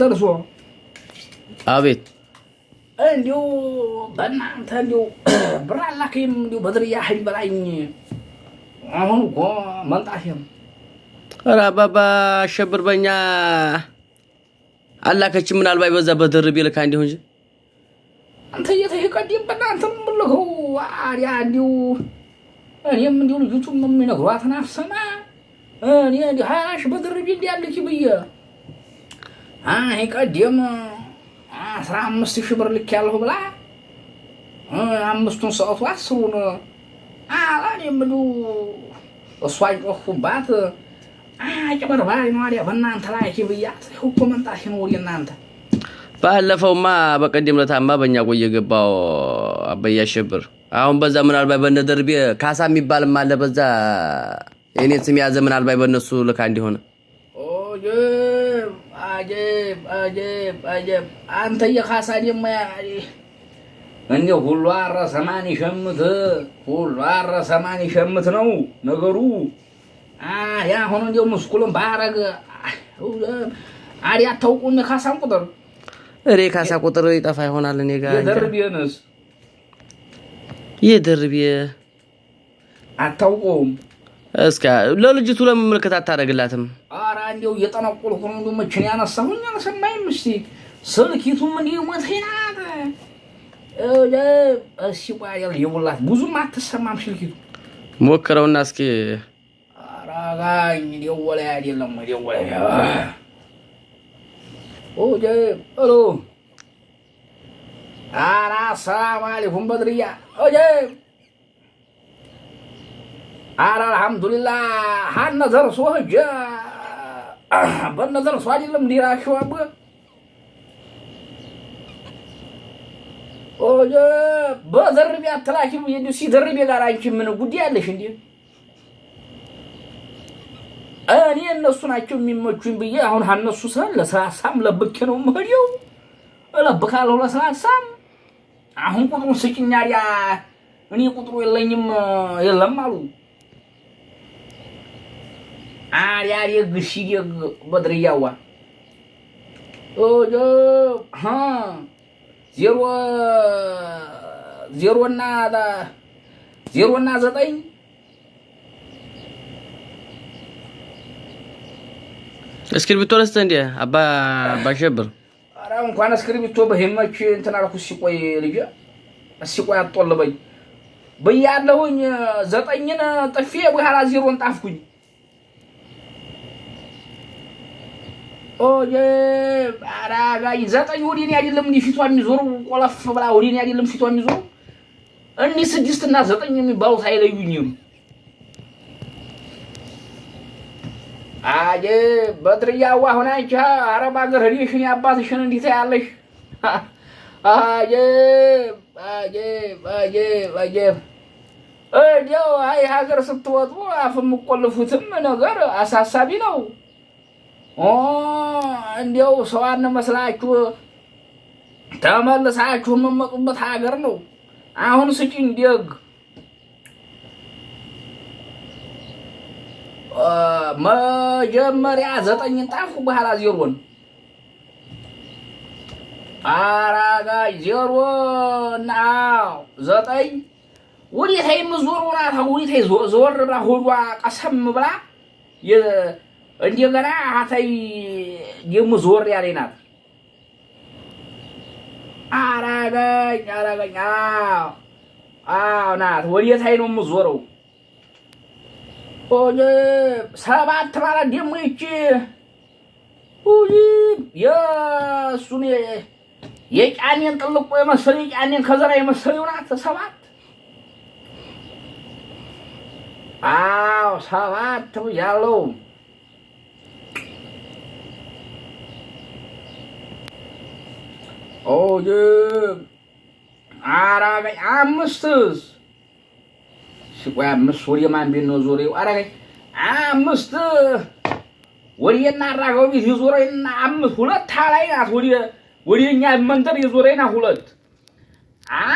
ደርሶ አቤት እንዲሁ በእናንተ እንዲሁ ብር አላከይም እንዲሁ በድርያ ሀይል በላኝ። አሁን እኮ መምጣቴም ኧረ አባባ አሸብር በእኛ አላከች ምናልባት በዛ በድር ቢልካ እንዲሁ እንጂ አንተ እየተሄ ቀዲም በእናንተም ብልከው አዲያ እንዲሁ እኔም እንዲሁ ልዩቱም የሚነግሯት ናፍሰማ ሀያሽ በድርቢ እንዲያልክ ብዬ ይቀደም አስራ አምስት ሺህ ብር ልክ ያለሁ ብላ አምስቱን ሰዓቱ አስሩን አላን የምሉ እሷ ጮኩባት። አጭበርባሪ ነዋሪያ በእናንተ ላይ ብያት እኮ መምጣት ነው እናንተ ባለፈውማ በቀደም ለታማ በእኛ ቆየ የገባው አበያ አሁን በዛ ምናልባት በነ ካሳ የሚባልም አለ በዛ የእኔን ስም ያዘ ምናልባት በእነሱ ልካ እንዲሆነ አንተ የካሳን የማያሪ እንዴ ሁሉ አረ ሰማን ይሸምት ሁሉ አረ ሰማን ይሸምት ነው ነገሩ። ያ ሆኖ እንዲ ምስኩልም ባረግ አዲ አታውቁም። የካሳን ቁጥር እሬ ካሳ ቁጥር ይጠፋ ይሆናል። እኔ ጋር የደርቤንስ የደርቤ አታውቁም እስከ ለልጅቱ ለመመልከት አታደርግላትም? ኧረ እንደው እየጠነቆልኩ ነው። እንደው መቼ ያነሳሁኝ? አልሰማኝም። እስኪ ስልኪቱ ምን ሞቴ እሺ እስኪ ቆይ ብዙም አትሰማም ስልኪቱ። ሞክረውና እስኪ አራጋኝ ደወለ አይደለም ወይ ደወለ። ኦጄ ሄሎ። ኧረ ሰላም አለይኩም በድርያ ኦጄ አረ አልሐምዱሊላህ ሀነ ዘርሶ ሂጅ በነ ዘርሶ አይደለም እንዲራሸዋ በዘርቤ አትላኪም እንዲ ሲዘርቤ ጋር አንቺ ምን ጉዳይ አለሽ? እንዲ እኔ እነሱ ናቸው የሚመቹኝ ብዬ አሁን ሀነሱ ስለ ለስላሳም ለብኬ ነው የምሄደው እለብካለሁ ለስላሳም አሁን ቁጥሩን ስጭኛ ያ እኔ ቁጥሩ የለኝም የለም አሉ આર્યા રે ઘસી રે બદરી આવવા ઓજો હા ઝીરો ઝીરો ના እስክሪብቶ ረስተህ እንደ አባ ባሸብር ኧረ እንኳን እስክሪብቶ በሄመች እንትን አልኩ። ሲቆይ ልጅ ሲቆይ አጦልበኝ ብያለሁኝ። ዘጠኝን ጥፌ በኋላ ዜሮን ጣፍኩኝ። አራጋይ ዘጠኝ ወደ እኔ አይደለም እንዲህ ፊቷ የሚዞሩ ቆለፍ ብላ ወደ አይደለም ፊቷ የሚዞሩ እንዲህ ስድስት እና ዘጠኝ የሚባሉት አይለዩኝም። አየ በድርያዋ ሆነ አረብ ሀገር ሄደሽን አባትሽን እንዲህ ታያለሽ። አየ አየ አየ አየ እንዲያው አይ ሀገር ስትወጡ አፍ የምቆልፉትም ነገር አሳሳቢ ነው። እንዲያው ሰዋን መስላችሁ ተመልሳችሁ የምመጡበት ሀገር ነው። አሁን ስጪኝ ደግ መጀመሪያ ዘጠኝን ጣፉ በኋላ ዜሮን አራጋይ ዜሮ እና ዘጠኝ ወዴታይ ምዞር ወራ ወዴታይ ዞር ብላ ሆዷ ቀሰም ብላ እንደገና ሀታይ ደግሞ ዞር ያለኝ ናት። አራገኝ አራገኝ አዎ ናት። ወዴታይ ነው የምዞረው? ሰባት ማለት ደግሞ ይቺ የእሱን የጫኔን ጥልቆ የመሰለ የጫኔን ከዘራ የመሰለው ናት ሰባት አዎ ሰባት ያለው ኦጅብ አራጋይ አምስትስ ሲቆይ አምስት ወደ ማን ቤት ነው ዞሬው? አራጋይ አምስት ወዲየና አራጋው ቤት የዞረና አምስት ሁለት ላይ ናት። ወዲ ወዲኛ መንደር የዞረና ሁለት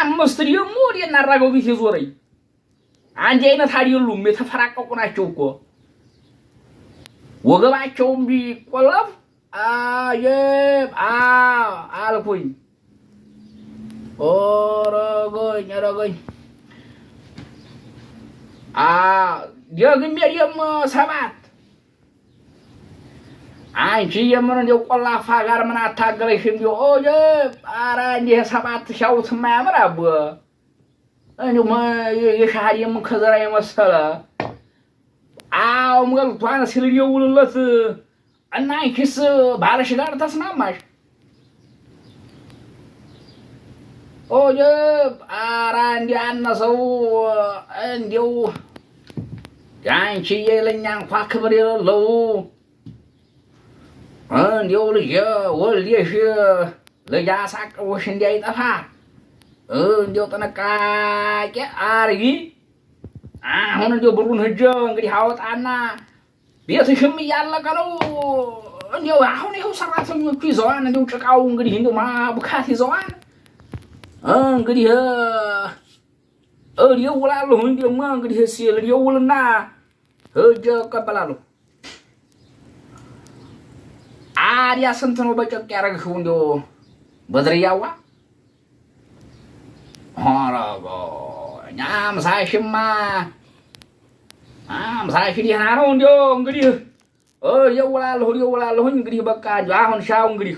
አምስት ደግሞ ወዲየና አራጋው ቤት የዞረኝ አንድ አይነት አይደሉም። የተፈራቀቁ ናቸው እኮ ወገባቸውም ቢቆለፍ አየም አልኩኝ። ኦረጎኝ ረጎኝ ደግሜ ደግሞ ሰባት አንቺ የምን እንደው ቆላፋ ጋር ምን አታገለሽ? እንደው ኦጀ ኧረ እንዲህ ሰባት ሻውት የማያምር አቦ እንዲሁም የሻህድ የምን ከዘራ የመሰለ አው መልቷን ሲል ደውልለት እና አንቺስ ባለሽ ጋር ተስማማሽ? ኦጀ ኧረ እንዲህ ያነሰው እንዲው የአንቺዬ ለእኛ እንኳ ክብር የሌለው እንዲው ልጅ ወልዴሽ ልጅ አሳቅቦሽ እንዳይጠፋ እንዲው ጥንቃቄ አርጊ። አሁን እንዲው ብሩን ሂጅ እንግዲህ አወጣና ቤትሽም እያለቀ ነው። እንዲያው አሁን ይኸው ሰራተኞቹ ይዘዋል። እንዲያው ጭቃው እንግዲህ እንዲያው ማቡካት ይዘዋል። እንግዲህ እደውላለሁ። እንዲያውማ እንግዲህ ሲል እደውልና ሂጅ እቀበላለሁ። አዲያ ስንት ነው በጨቅ ያደረግሽው? እንዲያው በዝርያዋ ኧረ እኛ ምሳሽማ ዛፊ ደህና ነው። እንዲያው እንግዲህ እየውላለሁ እየውላለሁኝ እንግዲህ በቃ አሁን ሻው እንግዲህ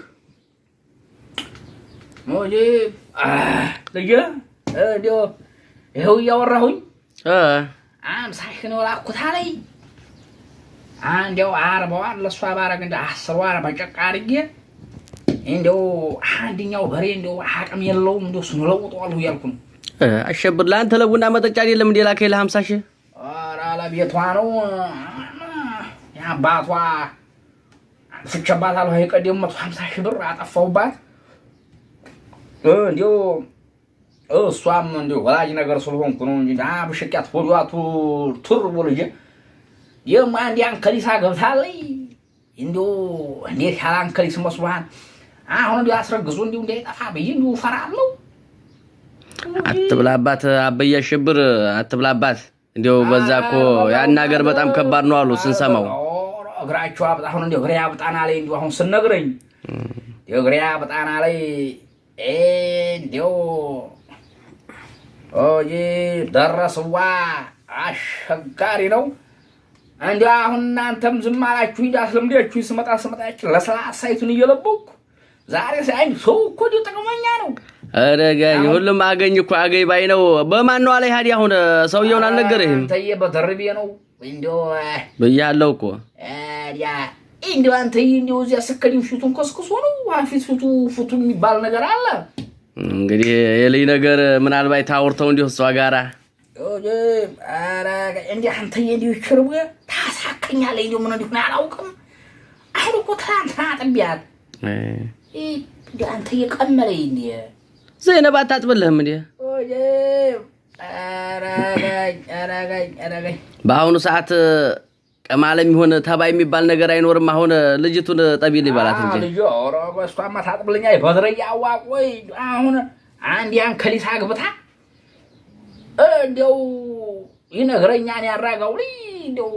ልጄ እንዲያው ይኸው እያወራሁኝ ምሳሽን የላኩታ ላይ እንዲያው አርባዋን ለእሷ ባረግ እንደ አስሯን በጨቃ አድርጌ እንዲያው አንድኛው በሬ እንዲያው አቅም የለውም እንዲያው እሱን እለውጠዋለሁ እያልኩ ነው። አሸብር ለአንተ ለቡና መጠጫ አይደለም እንደ ላከኝ ለሀምሳ ሺህ ባለቤቷ ነው የአባቷ ስቸባታለሁ የቀደም መቶ ሀምሳ ሺህ ብር አጠፋሁባት። እንዲሁ እሷም እንዲሁ ወላጅ ነገር ስለሆንኩ ነው እንጂ ብሽቅያት ሆዷቱ ቱር ብሎ ልጄ ይህም አንድ አንከሊሳ ገብታለይ እንዲሁ እንዴት ያለ አንከሊስ መስሎሃል? አሁን እንዲሁ አስረግዙ እንዲሁ እንዳይጠፋ ብዬ እንዲሁ እፈራለሁ። አትብላባት፣ አበያ ሽብር አትብላባት። እንዲው በዛ እኮ ያን ሀገር በጣም ከባድ ነው አሉ ስንሰማው። እግራቸው አብጣሁን እንዲው እግሬ አብጣና ላይ እንዲው አሁን ስነግረኝ እንዲው እግሬ አብጣና ላይ እንዲው ኦይ ደረስዋ አሸጋሪ ነው። እንዲው አሁን እናንተም ዝም አላችሁ እንጂ አስለምዳችሁ ስመጣ ስመጣችሁ ለስላሳይቱን እየለበኩ ዛሬ ሳይ ሰው እኮ ጥቅመኛ ነው። አረጋ ሁሉም አገኝ እኮ አገኝ ባይ ነው። በማን ነው አላይ ሀዲ አሁን ሰውየውን አልነገረህም? ተየ በተርቤ ነው እንደው ብያለሁ እኮ አዲያ እንደው አንተዬ እንደው እዚያ ስከዲው ፊቱን ከስክሶ ነው ፊት ፊቱ ፊቱ የሚባል ነገር አለ። እንግዲህ የልይ ነገር ምናልባት ታውርተው እንዲሁ እሷ ጋራ እንዲህ አንተ እንዲሁ ይችርቡ ታሳቀኛለህ እንዲሁ ምን እንዲሁ አላውቅም። አሁን እኮ ትናንትና ጥቢያት አንተ ቀመለኝ እንዲህ ዘይነብ አታጥብልህም እንዴ? በአሁኑ ሰዓት ቀማል የሚሆን ተባይ የሚባል ነገር አይኖርም። አሁን ልጅቱን ጠቢል ሊባላት እንጂ ልጆ እሷማ ታጥብልኛ በድረያ አዋቆይ አሁን አንድ ያን ከሊሳ ግብታ እንዲው ይነግረኛን ያራገው ልይ እንዲያው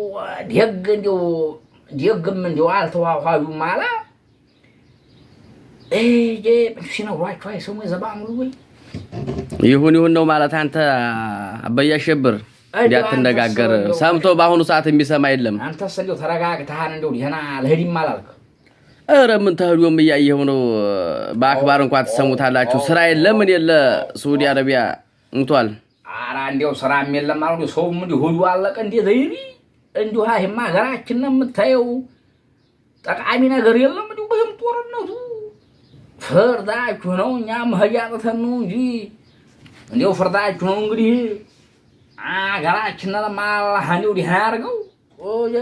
ደግ እንዲው ደግም እንዲው አልተዋኋዩም አለ ይሁን ይሁን ነው ማለት አንተ አበያ ሸብር እንዳትነጋገር ሰምቶ በአሁኑ ሰዓት የሚሰማ የለም። አንተ ሰው ተረጋግተሃን እንደው ሊህና ለህዲም አላልክ። ኧረ ምን ተህዶም እያየው ነው። በአክባር እንኳ ትሰሙታላችሁ። ስራ የለም ምን የለ ሳዑዲ አረቢያ ሙቷል። ኧረ እንዲያው ስራም የለም አሉ ሰውም እንዲሁ ሆዱ አለቀ። እንዴ ዘይሪ እንዲሁ ይህማ ሀገራችን የምታየው ጠቃሚ ነገር የለም ፍርዳችሁ ነው። እኛም ህያጥተን ነው እንጂ እንዲው ፍርዳችሁ ነው። እንግዲህ አገራችን አላህ እንዲው ዲህ ያርገው። ኦየ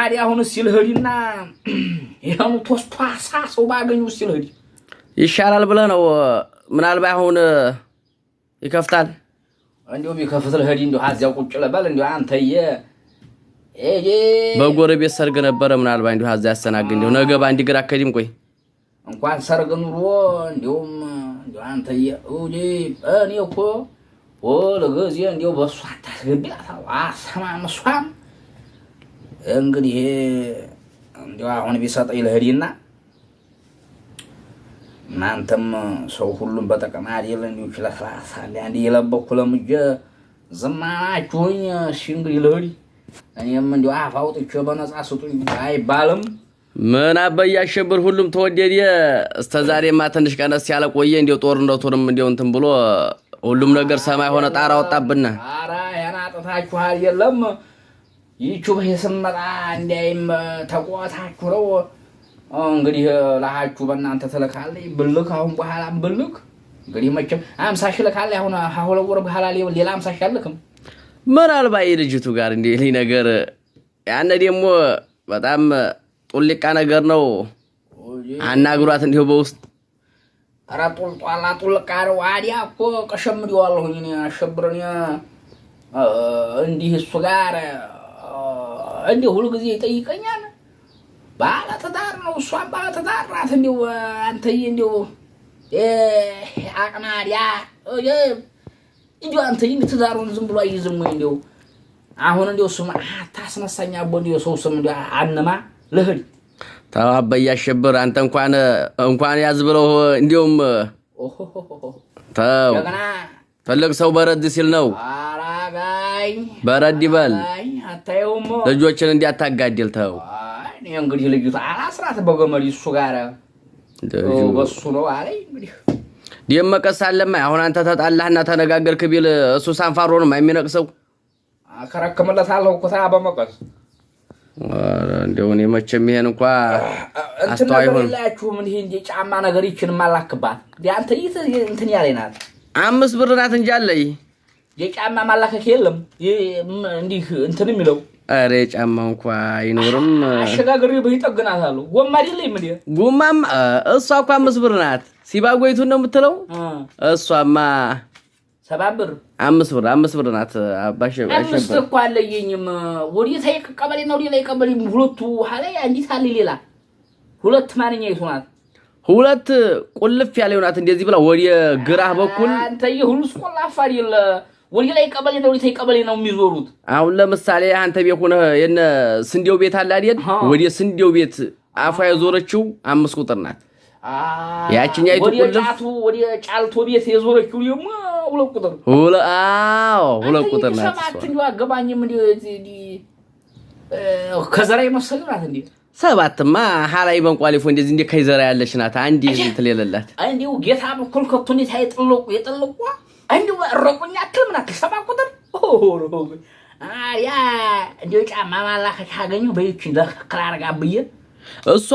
አዲ አሁን ሲል ይሄን ይሄኑ ቶስቷሳ ሰው ባገኙ ሲል ይሻላል ብለህ ነው። ምናልባት አሁን ይከፍታል እንዲው ቢከፍትል ልሂድ እንዲው አዚያው ቁጭ ልበል እንዲው አንተዬ በጎረቤት ሰርግ ነበረ ምናልባት እንዲሁ አዚያ ያስተናግድ እንዲሁ ነገ ባንድ ግራ ከዲም ቆይ እንኳን ሰርግ ኑሮ እንዲሁም አንተዬ እኔ እኮ ለጊዜ እንዲው በእሷ አታስገቢላት አሰማም። እሷም እንግዲህ እንዲው አሁን ቢሰጠኝ ልሂድና እናንተም ሰው ሁሉም በጠቀማ አይደል እንዲሁ ችለስላሳ አንድ የለበኩ ለምጀ ዝም እሺ እንግዲህ ልሂድ እኔም እንዲው አፍ በነፃ ስጡኝ አይባልም። ምን አበይ አሸብር ሁሉም ተወደድ እስተ ዛሬ ማ ትንሽ ቀነስ ያለ ቆየ እንዲው ጦርነቱንም እንዲው እንትን ብሎ ሁሉም ነገር ሰማይ ሆነ፣ ጣራ ወጣብና ጣራ ያናጥታችኋል። የለም ይቹ ስመጣ እንዲያይም ተቆታችሁ ነው እንግዲህ ላሃችሁ በእናንተ ትልካለች። ብልክ አሁን በኋላም ብልክ እንግዲህ መቼም አምሳ ሺህ ልካለች። አሁን ሀሁለወር በኋላ ሌላ አምሳ ሺህ አልክም። ምናልባት ልጅቱ ጋር እንዲህ ነገር ያነ ደግሞ በጣም ጡልቃ ነገር ነው። አናግሯት እንዲሁ በውስጥ ኧረ ጡልጧላ ጡልቃ ነው። አዲያ እኮ ቀሸምዲዋለሁኝ እኔ አሸብርን እንዲህ እሱ ጋር እንዲህ ሁሉ ጊዜ ይጠይቀኛል። ባለ ባለትዳር ነው እሷን ባለትዳር ናት። እንዲሁ አንተዬ እንዲሁ አቅማዲያ እንዲ አንተዬ እንዲሁ ትዳሩን ዝም ብሎ አይዝም ወይ እንዲሁ አሁን እንዲሁ ስም አታስነሳኝ አቦ እንዲሁ ሰው ስም እንዲሁ አንማ ልሂድ። ተው አበይ አሸብር አንተ እንኳን እንኳን ያዝ ብለው እንዲሁም ተው ትልቅ ሰው በረድ ሲል ነው። በረድ ይበል ልጆችን እንዲያታጋድል ተው። እንግዲህ ልጁ አላስራት በገመድ እሱ ጋር በሱ ነው አለኝ እንግዲህ ደመቀስ አለማ አሁን አንተ ተጣላህና ተነጋገርክ ቢል እሱ ሳንፋሮ ነው የሚነቅሰው። አከረክምለታለሁ እኮ በመቀስ እንደሆነ የመቼም ይሄን እንኳ አስተዋይ ላያችሁም ይሄ እንደ ጫማ ነገር ይችን ማላክባት አንተ ይህ እንትን ያለኝ ናት። አምስት ብር ናት እንጂ አለኝ የጫማ ማላከክ የለም። እንዲህ እንትን የሚለው ኧረ የጫማው እንኳ አይኖርም። አሸጋግሬ በይጠግናት አሉ ጎማ ደለ ምን ጎማም እሷ እኳ አምስት ብር ናት። ሲባጎይቱን ነው የምትለው እሷማ ሰባት ብር አምስት ብር አምስት ብር ናት። አባሽ አምስት እኮ አለየኝም። ወዴት ቀበሌ ነው ላይ ቀበሌ ሁለቱ ኋላ አንዲት አለ ሌላ ሁለት ማንኛ ይቱ ናት? ሁለት ቁልፍ ያለ ናት። እንደዚህ ብላ ወደ ግራህ በኩል አንተ የሁሉስ ቆላፋ አይደለ ወዴ ላይ ቀበሌ ነው፣ ወዴ ቀበሌ ነው የሚዞሩት። አሁን ለምሳሌ አንተ ቤት ሆነ የነ ስንዴው ቤት አለ አይደል? ወደ ስንዴው ቤት አፏ የዞረችው አምስት ቁጥር ናት። ያቺኛ ይቱ ቁልፍ ወደ ጫልቶ ቤት የዞረችው ደግሞ ሁለት ቁጥር ሁለት ቁጥር አገባኝም ከዘራ የመሰለ ናት እንዴ? ሰባትማ ሀላይ በንቋሊፎ እንደዚህ እንደ ከይዘራ ያለች ናት። አንድ እንትን እንዲሁ ጌታ በኩል ከቱኔታ እንዲሁ ረቁኛ ናት። ሰባ ቁጥር ያ ጫማ ማላከች ለክክል አርጋ ብዬ እሷ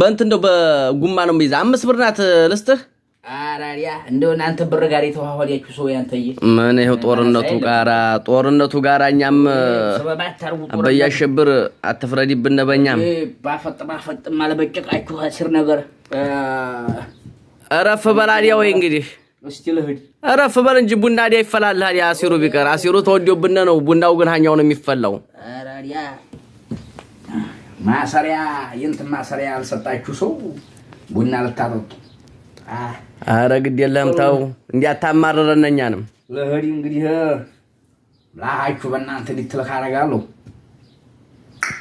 በእንትን እንደው በጉማ ነው የሚይዛ አምስት ብር ናት ልስጥህ አራሪያ እናንተ ብር ጋር የተዋዋላችሁ ሰው ያንተዬ ምን ይኸው ጦርነቱ ጋራ ጦርነቱ ጋራ እኛም በያሸብር አትፍረዲብን። በእኛም ባፈጥ ባፈጥ አልበጨቃችሁ አሲር ነገር እረፍ በላዲያ ወይ እንግዲህ እረፍ በል እንጂ ቡና ዲያ አሲሩ ቢቀር አሲሩ ተወዶብን ነው። ቡናው ግን ሀኛው ነው የሚፈላው። ማሰሪያ የእንትን ማሰሪያ ሰው ቡና ልታጠጡ አረ ግድ የለም ተው፣ እንዲያታማረረን እኛንም እንግዲህ ላሃችሁ በእናንተ እንዲትልክ አደርጋለሁ።